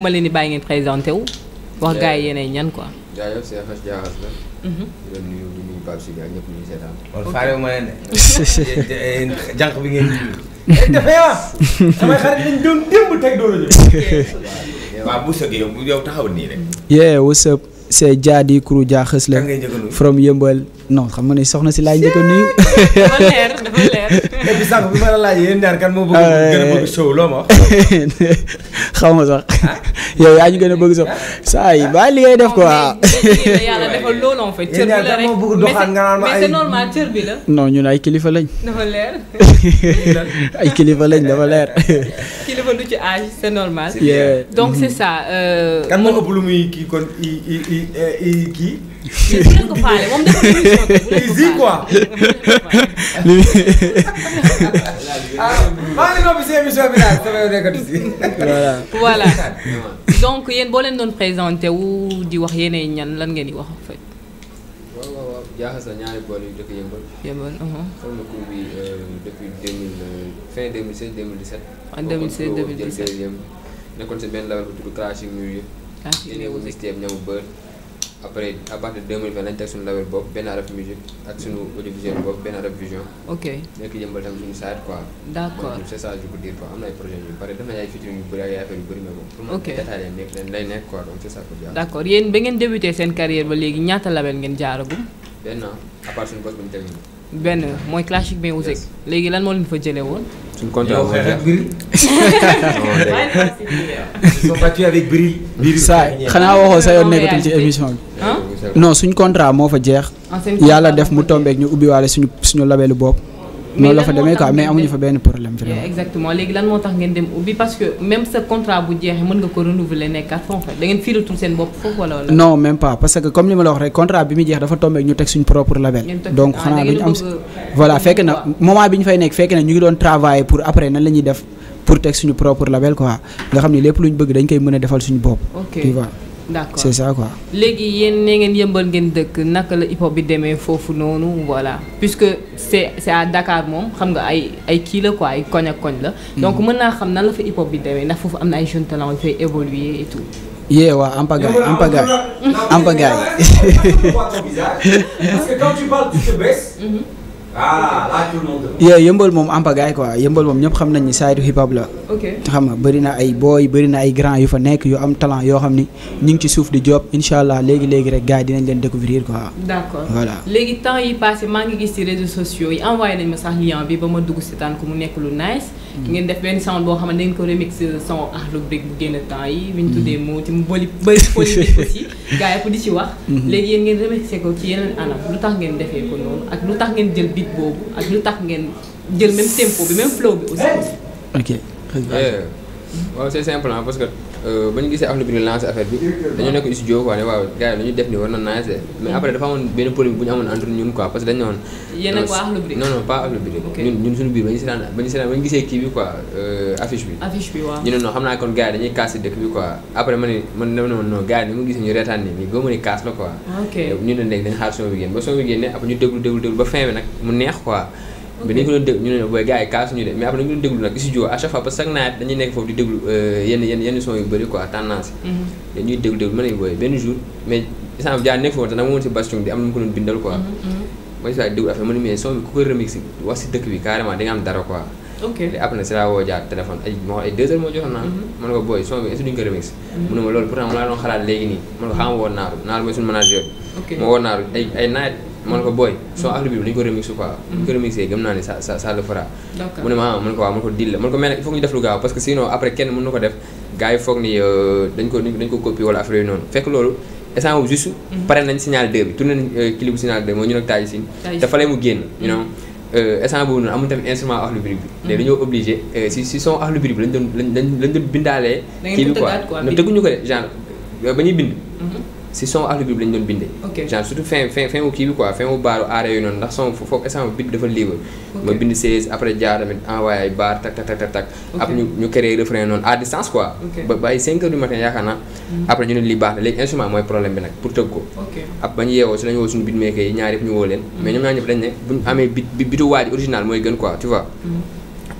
ma leen di bàyyi ngeen présenté wu wax eh, gars bi ngeen nuyu. Eh, dafay wax samay xarit dañ doon démb tey doo la ñëw. waaw from Yëmbal. non xam nga ne soxna si laay njëkk a nuyu. dafa leer dafa leer. Eh, ah, a sax. Ah, yow yaa ñu gën a bëgg sax saa yi bàyyi li ngay def quoi. yàlla mais cër bi la. non ñun ay kilifa lañ. dafa leer. ay kilifa lañ dafa leer. kilifa du ci âge c'est normal. donc c'est ça. Euh, kan moo ëpp lu muy kii kon i i i kii. ko faale moom boo leen doon présenté wu di wax yéenay ñan lan ngeen di wax en fait. waaw dëkk yëmbal. yëmbal. xam na ko bi euh, depuis deux mille euh, fin deux mille seize deux mille dix sept. en ah, deux mille seize deux nekkoon si benn label bu tudd Crashing Music. Crashing Music après à partir de 2020 lañ teg suñu label bopp benn arab musique ak suñu audiovisuel bopp benn arab vision. ok nekk yëmbal tam suñu site quoi. d' accord c' est ça je peux dire quoi am na ay projets yu bëri def nañ ay featuring yu bëri ak ay affaire yu bëri mais moom. pour moom détaillé nekk leen lay nekk quoi donc c' est ça. d' accord yéen ba ngeen débuté seen carrière ba léegi ñaata label ngeen jaaragum. benn à part suñu bopp bu ñu teg benn mooy classique mais musique léegi lan moo fa jëlee woon. suñu contrat wu saa xanaa waxoo sa yoon nekkatul ci ah, émission bi. Ah. non suñ contrat moo fa jeex. yàlla def mu tombeek ñu ubbi ubbiwaale suñu suñu labelu bopp. noonu la fa demee quoi mais amuñu fa benn problème vraiment. exactement léegi lan moo tax ngeen dem ubbi parce que même sa contrat bu jeexee mën nga ko renouveler nekkaat foofu da ngeen fiiratul seen bopp foofu wala wala. non même pas ma ah, fekk na moment bi ñu fay nekk fekk na ñu ngi doon travailler pour après nan la def pour teg suñu propre label quoi nga xam ne lépp lu ñu bëgg dañ koy mën a defal suñu bopp. d'accord c'est ça quoi. léegi yéen ne ngeen yëmbal ngeen dëkk naka la hip hop bi demee foofu noonu voilà puisque c'est c'est à dakaar moom xam nga ay ay kii la quoi ay koñ ak koñ la. Hmm. donc mën naa xam nan la fa hip hop bi demee ndax foofu am na ay jeunes talents yu fay évoluer et yee waaw ampagaay ampagaay ampagaay. ah là tout le monde. yëmbal moom ampagaay quoi yëmbal moom ñëpp xam nañ ni side hip hop la. ok xam nga bëri na ay booy bëri ay grand yu fa nekk yu am talent yoo xam ni ñu ngi ci suuf di job incha allah léegi léegi rek gars yi dinañ leen découvrir quoi. d'accord voilà léegi temps yi passé maa ngi gis ci réseaux sociaux yi envoyé nañ ma sax lien bi ba ma dugg seetaan ko mu nekk lu nice. ngeen def benn son boo xam ne ngeen ko remix son Akhlou Brick bu génn temps yi. bi tuddee moo ci mu bëri bëri politique aussi gars yëpp di ci wax. Mhm. léegi yéen ngeen remixé ko ci yeneen anam lu tax ngeen defee ko noonu ak lu tax ngeen jël beat boobu ak lu tax ngeen jël même tempo bi même flow bi aussi. ok. Eh, waaw c'est simple parce que. Euh, ba ñu gisee affaire bi dañoo nekk dafa amoon benn polémique bu ñu amoon entre ñun quoi parce dañu ne woon. ba ñu gisee kii bi quoi euh, affiche bi. ñu ne non xam naa kon mu gisee ñu reetaan ni nii góobamu ni casse la quoi. Ah, ñu ne léegi dañu xaar son bi génn ba son bi génne après ñu déglu déglu déglu ba fin nag mu neex quoi bi mu mhm, mhm. ne mais bi ku ko remix wax si dëkk bi carrément da nga am dara quoi ok te après nag si laa woo jaar téléphone ay ma ay moo jotoon naa. Mhm. man ko booy son bi loolu pourtant ma laa doon xalaat woo naaru naaru mooy ay ay nawet man ko booy mm. soo affaire bi dañu ko remixé quoi. ñu mm. ko remixé gëm naa mu ne ma ah man ko waaw ah, man ko dil la man ko mel ne il faut def lu gaaw parce que sinon après kenn mën na ko def gars yi foog ni euh, dañ ko dañ ko copier wala noonu fekk loolu si si son ahlu brib bi lañ doon bindaalee. tëgguñu ko de genre euh, ba ñuy bind mm-hmm. si son afro-bip lañ doon bindee. genre surtout fin fin fin wu kii bi quoi fin wu baaru aare yu noonu ndax son foofu instant bip dafa libre. ma bind 16 après jaar tamit envoyé ay baar tak tak tak ab ñu ñu créé refrain noonu à distance quoi. ba ba ay 5 heures matin yaakaar hmm. après ñu ne lii baax na léegi instrument mooy problème bi nag pour tëgg ko. ab ba yeewoo si la woo suñu beatmaker yi ñaar yëpp ñu woo leen. mais ñoom ñaar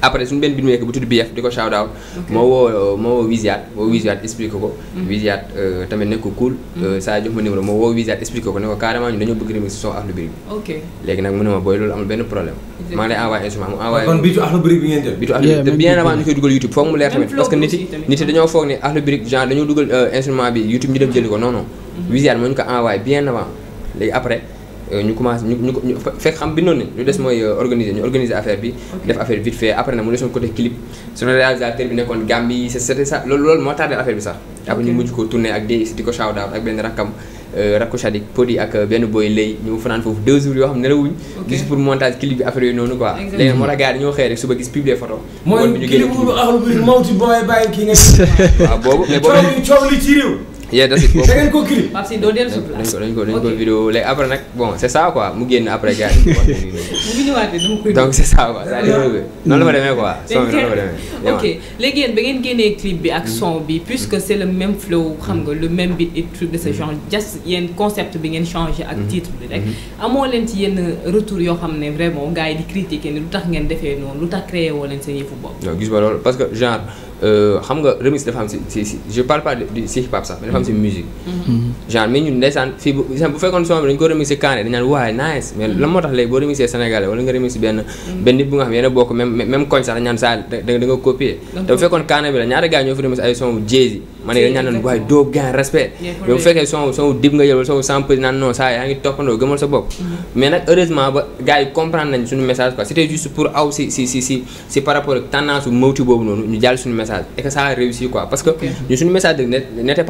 après suñu benn bi mu nekk bu tudd BF di ko shout out moo woo moo woo Wisiat woo Wisiat expliqué ko mm-hmm. Wisiat euh, tamit nekk ko cool mm-hmm. euh, saa jox ma numéro moo woo Wisiat expliqué ko ne ko ñu dañoo bëgg remix son Akhlou Brick bi léegi nag mu ne ma booy loolu amul benn problème maa ngi lay envoyé instrument mu envoyé kon biitu Akhlou Brick bi ngeen jël biitu Akhlou Brick bien avant ñu koy dugal YouTube foog mu leer tamit parce que nit yi nit yi dañoo foog ne Akhlou Brick genre euh, ko non non mm-hmm. Wisiat moo ñu ko Euh, ñu commencé ñu ñu fekk xam bindoon nañ lu des mooy euh, organiser ñu organiser affaire bi. def affaire vite fait après nag mu desoon côté clip. affaire bi sax. après ñu mujj ko tourné ak DX di ko shout out ak benn rakkam euh, rakku Sadik Podi ak benn boy lay ñu fanaan foofu deux jours yoo xam nelawuñ juste pour montage clip bi affaire yooyu noonu quoi. léegi moo tax gars yi dañoo xëy suba gis publier photo. mooy clip bu axlu bi mawti ci réew. yeah that's it boobu da ngeen ko clip. Pape Sidi doo dellu si place ko dañ ko vidéo léegi après nag bon c' est ça mu génn après gars mu ngi ñëwaatee dama koy donc c' est ça quoi c' est noonu la fa demee quoi. son la fa demee. ok léegi ba ngeen génnee clip bi ak son bi mm-hmm. puisque c' est le même flow mm-hmm. xam nga le même beat et truc de ce genre mm-hmm. just yéen concept bi ngeen changé ak titre bi rek. amoo leen ci yenn retour yoo xam ne vraiment gars yi di critiquer ni lu tax ngeen defee noonu lu tax créé woo leen parce que Euh, xam nga remix dafa am si si si je parle pas si hip hop sax mais si mhm. musique. Mhm. genre mais ñun ndeysaan fii bu bu fekkoon son bi dañu ko remixé Kaane dañu naan waaye nice mais lan moo tax léegi boo remixé Sénégalais wala nga remixé benn. Mhm. benn nit bu nga xam yéen a bokk même même koñ sax dañu saa da nga da te bu fekkoon Kaane bi la ñaata gars ñoo fi remixé ay son Jay-Z ma ne dañ naan noon waaye doo gain respect yow fekkee son son dib nga yëlwal son saa yaa ngi toppandoo gëmal sa bopp mhm. mais nag heureusement ba gars yi comprendre suñu message quoi si suñu message et que ça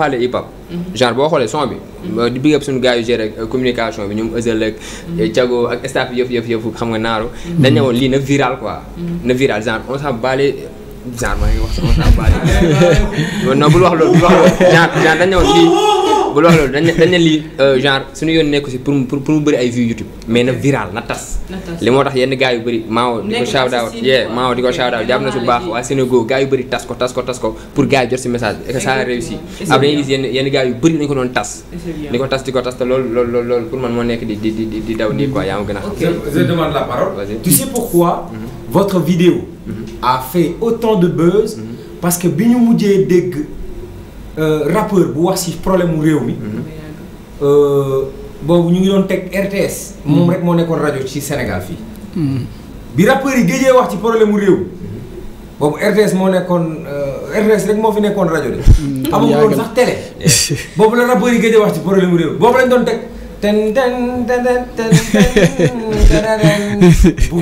a hip hop mhm. genre boo xoolee son bi mhm. di big up suñu gars yu communication bi ñoom Ezel ak Thiago ak staff yëf yëf xam nga naaru dañ ne woon lii na viral quoi na viral genre on s'en bat genre maa ngi wax sama tàmbaay non bul wax loolu bul wax loolu genre genre dañ ne yoon nekku si pour mu pour mu bëri ay vues YouTube mais na viral na tas li moo tax yenn gaa yu bëri maawo di ko shout out di ko shout out jàpp na su baax waa Sénégal gars yu bëri tas ko tas ko tas ko pour gars yi jot si message bi et que ça a réussi ab dañuy gis yenn yenn yu bëri nañu ko doon tas di ko tas di ko tas te loolu loolu loolu loolu pour man moo nekk di di di daw nii quoi yaa ma gën a xam je demande la parole a fait autant de buzz. Mm parce que bi ñu mujjee dégg euh, rappeur bu wax ci problème mu réew mi. Mm-hmm. Euh, boobu ñu ngi doon teg RTS. moom mm-hmm. rek moo nekkoon rajo ci Sénégal fii. bi rappeur yi géejee wax ci problème mu réew. boobu RTS moo nekkoon euh, RTS rek moo fi nekkoon rajo de. amuñu woon sax télé. boobu la rappeur yi géejee wax ci problème mu réew boobu lañ doon teg. pour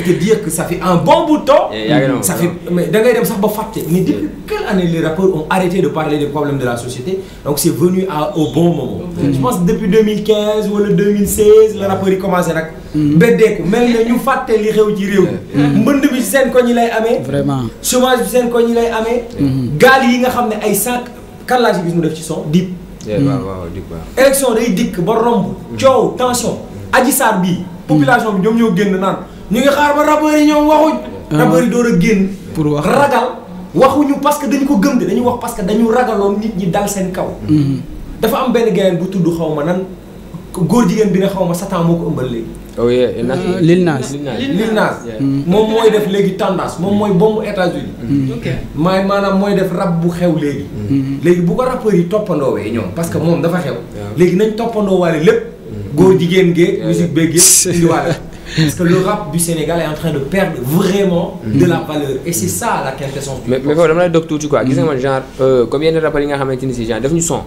te dire que ça fait un bon bout de temps. Eh, ça fait mais da ngay dem sax ba fàtte. mais depuis eh. quelle année les rappeurs ont arrêté de parler des problèmes de la société donc c'est venu à au bon moment. je pense depuis 2015 wala 2016 la rappeurs yi commencé nag. Mm. beddeeku mel na ñu fàtte li xew ci réew mi. Eh. Mm. mbënd bi ci seen koñ yi lay amee. vraiment chômage bi seen koñ yi lay amee. Mm-hmm. gaal yi nga xam ne ay sac kan laa ci gis mu def ci son di. Hmm. waaw waaw dikk waaw. élection day dikk ba romb. coow tension. aji saar bii. population bi ñoom ñoo génn naan ñu ngi xaar ba rappeurs yi ñoom waxuñ. Ah. rappeurs yi door a génn. pour wax ragal waxuñu parce que dañu ko gëm de dañu wax parce que dañu ragaloon nit ñi dal seen kaw. Hmm. dafa am benn gayen bu tudd xaw ma nan góor jigéen bi ne xaw ma satan moo ko ëmbal léegi. oh yeah ah, Lil Nas Lil Nas mm. moom mooy def léegi tendance moom mooy bombu États-Unis maay mm. maanaam mooy def rab bu xew léegi mm. léegi bu ko rappeurs yi toppandoowee ñoom parce que moom dafa xew léegi nañ toppandoo waale lépp góor jigéen géeg musique beeg yëpp indi waale parce que le rap du Sénégal est en train de perdre vraiment de la valeur et c'est ça la quintessence mais mais foofu dama lay dog tuuti gis nga man genre euh, comme yenn rappeurs yi nga xamante ni si genre def ñu son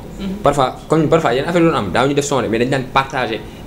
parfois comme parfois yenn affaire doon am daaw ñu def son de mais partagé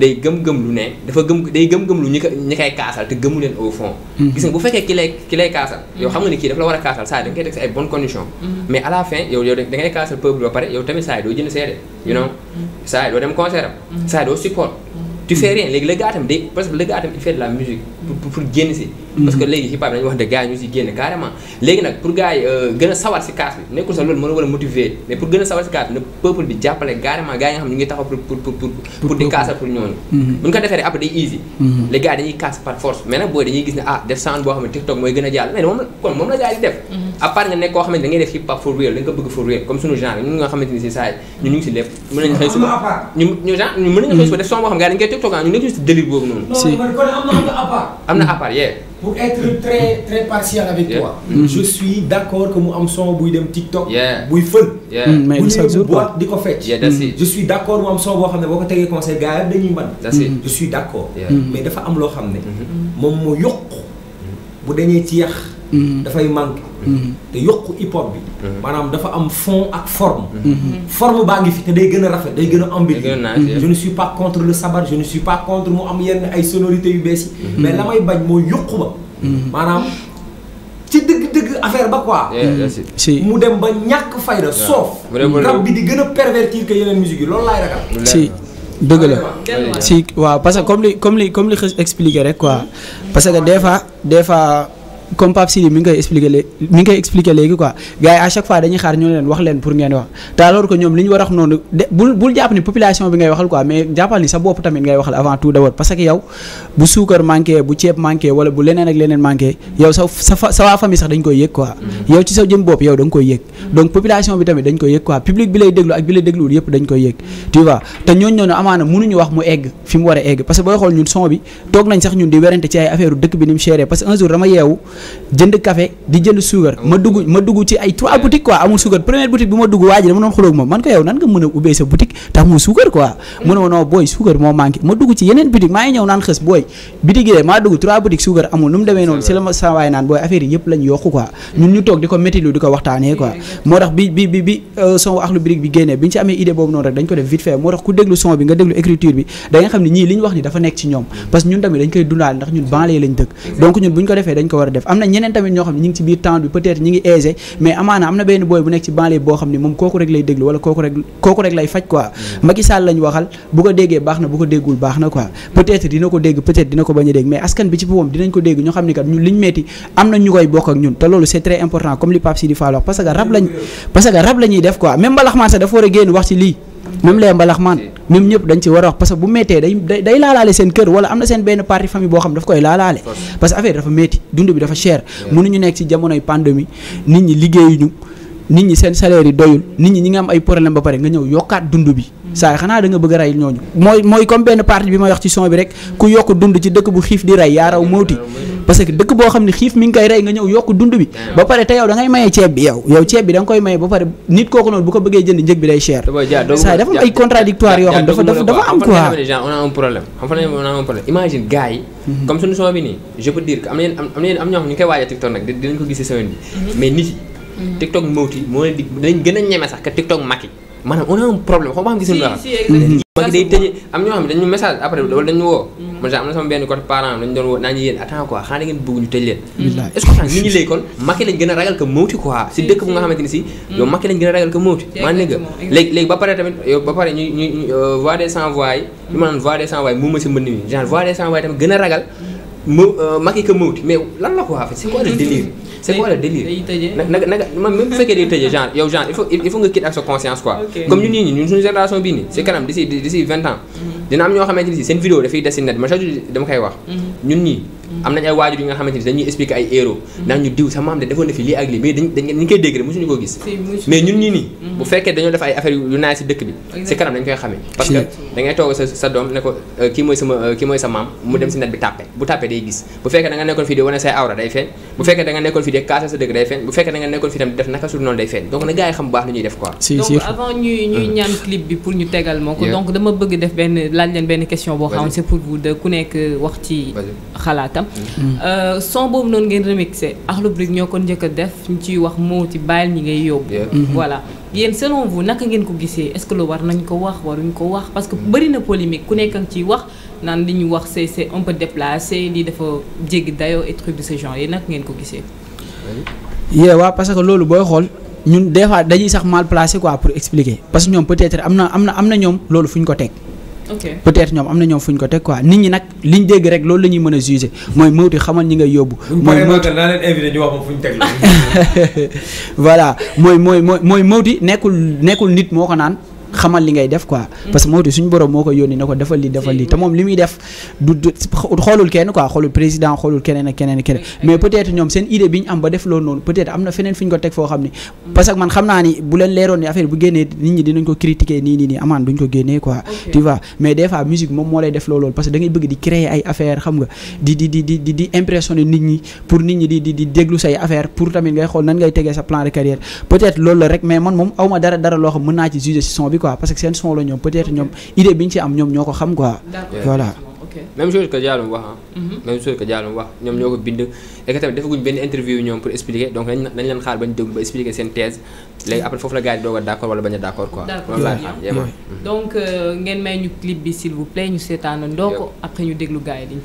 day gëm-gëm lu ne dafa gëm day gëm-gëm lu ñi ko ñi koy kaasal te gëmu leen au fond hmm. gis nga bu fekkee ki lay ki lay kaasal hmm. yow xam nga ne kii dafa la war a kaasal saa da nga koy teg si ay bonnes conditions hmm. mais à la fin yow yow kaasal peuple ba pare yow tamit saa yi doo jënd seede you know saa yi doo dem concert saa yi doo support tu fais léegi le gars tam day parce que le il fait la musique pour pour génn si parce que léegi hip hop dañuy wax de gars yi ñu si génne carrément yi gën a sawar suba def son boo xam gars yi dañu koy TikTok ñu nekk ñu si délire boobu noonu am na à part yee pour être mm. très très partial avec yeah. Mm. je suis d' accord que mu am son buy dem TikTok. buy fël. Mm, mais bu ñu boîte di ko fecc. je suis d' accord mu am son boo xam ne boo ko tegee conseil gars yi dañuy mën. je suis d' mais dafa am loo xam ne. Mm-hmm. moom moo yokk bu dañee ci yàq. Mm-hmm. dafay manqué. Mm-hmm. te yokku hip hop bi. Mm-hmm. maanaam dafa am fond ak forme. forme baa ngi fi te day gën a rafet day gën a embellir. je ne suis pas contre le sabar je ne suis pas contre mu am yenn ay sonorités yu bees yi. mais la may bañ moo yokku ba. maanaam ci dëgg-dëgg affaire ba quoi. si mu dem ba ñàkk fayda soof. rab bi di gën a pervertir que yeneen musique yi loolu laay ragal. si. dëgg la ah, si waaw parce que comme li comme li comme li xës expliqué rek quoi parce que des fois des comme Pape Sidi mi ngi koy expliqué léegi mi ngi koy expliqué léegi quoi gars yi à chaque fois dañuy xaar ñu leen wax leen pour ngeen wax te alors ñoom li ñu war a wax noonu de bul bul jàpp ni population bi ngay waxal quoi mais jàppal ni sa bopp tamit ngay waxal avant tout d'abord parce que yow bu suukar manqué bu ceeb manqué wala bu leneen ak leneen manqué yow sa sa sa waa famille sax dañ koy yëg quoi mm-hmm. yow ci sa jëm bopp yow da koy yëg mm-hmm. donc population bi tamit dañ koy yëg quoi public a egg parce que booy jënd café di jënd suukar ma dugg ma dugg ci ay trois boutiques quoi amul suukar première boutique bi ma dugg waa dama doon xulóog moom man ko yow nan nga mën a ubbee sa boutique te amul bi nga déglu écriture bi da xam ne ñii li wax ni dafa nekk ci ñoom mm. parce ñun tamit dañ koy dundaal ndax ñun banlieue lañ dëkk donc ñun bu ñu ko defee dañ ko war a def am na ñeneen tamit ñoo xam ne ñi ngi ci biir temps bi peut-être ñi ngi aisé mais amaana am na benn booy bu nekk ci banlieue boo xam ne moom kooku rek lay déglu wala kooku rek lay faj quoi mm. Macky Sall waxal bu ko déggee baax na bu ko déggul baax na quoi peut dina ko dégg peut dina ko bañ a dégg mais askan bi ci boppam dinañ ko dégg ñoo xam ne kat ñun liñ metti am na ñu koy bokk ak ñun te loolu c'est très important comme li Pape Sidi Fall wax parce même les mbalaxmaan ñoom ñëpp dañ ci war a wax parce que bu méttee day day laalaale seen kër wala am na seen benn partie famille boo xam daf koy laalaale parce que affaire dafa métti dund bi dafa cher mënuñu nekk ci jamonoy pandémie nit ñi liggéeyuñu nit ñi seen salaire yi doyul nit ñi ñi nga am ay problème ba pare nga ñëw yokkaat dund bi mm. saa xanaa da bëgg a rayil ñooñu mooy mooy comme benn partie bi ma wax ci son bi mm. boo xam ne xiif mi ngi koy rey a un problème xam fan on a un problème imagine mm-hmm. nii am na am am ñoo xam ñu koy waaja TikTok nag dinañ ko gis ci bi mm-hmm. mais nit Mm-hmm. TikTok Mowti moo leen di dañ gën a ñeme sax que TikTok Macky maanaam on a un problème xaw ma xam gisul nga xam mm-hmm. Macky am ñoo xam ne dañu message après wala dañu woo man mm-hmm. sax am na sama benn a ragal que Mowti quoi si dëkk bu nga ni a ragal que Mowti maa négg léegi léegi ba pare tamit yow ba pare ñu ñu euh, voix des sans voix yi ñu ma naan voix des sans voix mu ma si mbënd mi genre voix des sans voix tamit gën a ragal euh, Macky que Mowti mais lan la quoi c'est quoi le délire c'est quoi le délire day tëjee na nga fekkee day tëjee genre yow genre il faut il faut nga quitte ak sa conscience quoi. comme ñun ñii ñun suñu génération bii nii si kanam d'ici d'ici vingt ans. Mhm. dina am ñoo xamante ni seen vidéo dafay des si net man chaque jour dama koy wax. Mhm. ñun ñii am nañ ay waajur yi nga xamante ni dañuy expliquer ay héros mm-hmm. naan ñu diw sa maam de defoon na fi lii ak lii mais dañ koy dégg rek mosuñu ko gis mais ñun ñii nii bu mm-hmm. fekkee dañoo def ay affaire yu naay si dëkk bi si kanam dañ koy xamee parce que sa sa ne ko euh, kii mooy sama euh, kii mooy sa maam mu dem day gis bu fekkee da nekkoon fii di wane say awra day feeñ bu mm-hmm. fekkee da nekkoon fii di kaasa sa dëkk day feeñ bu fekkee da nekkoon fii tam di def naka day feeñ bu baax lu ñuy tam. Euh, son boobu noonu ngeen remixé Akhlou Brick ñoo ko njëkk def ñu ciy wax moo ci bàyyil ñi ngay yóbbu. Mm-hmm. voilà yéen selon vous naka ngeen ko gisee est-ce que lu war nañ ko wax waruñ ko wax parce que bëri na polémique ku nekk ciy wax naan li ñu wax c'est c'est un de déplacé lii dafa jéggi dayoo et de ce yi naka ngeen ko gisee. yee waaw parce loolu booy xool. ñu des fois dañuy sax mal placé quoi pour expliquer parce ñoom peut-être am na am na am na ñoom loolu fu ñu ko teg ok peut-être ñoom am na ñoom fu ñu ko teg quoi nit ñi nag liñ dégg rek loolu la ñuy mën a juger mooy Mawti xamal ñi ngay yóbbu. mooy Mawti naa leen invité ñu wax voilà mooy mooy mooy Mawti nekkul nekkul nit moo ko naan. xamal li ngay def quoi mm. parce que Maodo suñu borom moo ko yónni na ko defal li defal li mm. te moom li muy def du xoolul kenn quoi xoolul président xoolul keneen ak keneen ak keneen mais peut être ñoom man moom awma dara dara loo xam mën naa ci juger ci son bi quoi parce que seen son ñoom peut ñoom idée bi ñu ci am ñoom ñoo ko xam quoi. voilà. même chose que Diallo wax ah. wax ñoom ñoo ko bind. léegi tamit defaguñ benn interview ñoom pour expliquer donc nañ nañ leen xaar bañ déglu ba expliquer seen thèse léegi après foofu la gars yi doog a d' accord bañ a d' accord quoi. donc euh, ngeen may ñu clip bi s'il vous plaît ñu seetaanandoo ko après ñu déglu gars yi